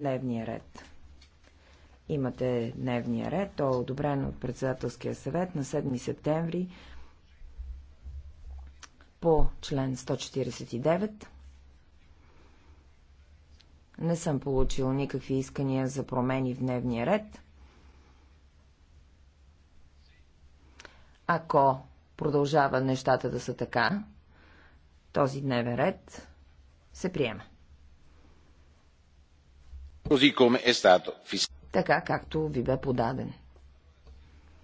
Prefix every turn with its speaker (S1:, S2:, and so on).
S1: дневния ред. Имате дневния ред, то е одобрен от председателския съвет на 7 септември по член 149. Не съм получил никакви искания за промени в дневния ред. Ако продължава нещата да са така, този дневен ред се приема. Така както ви бе подаден.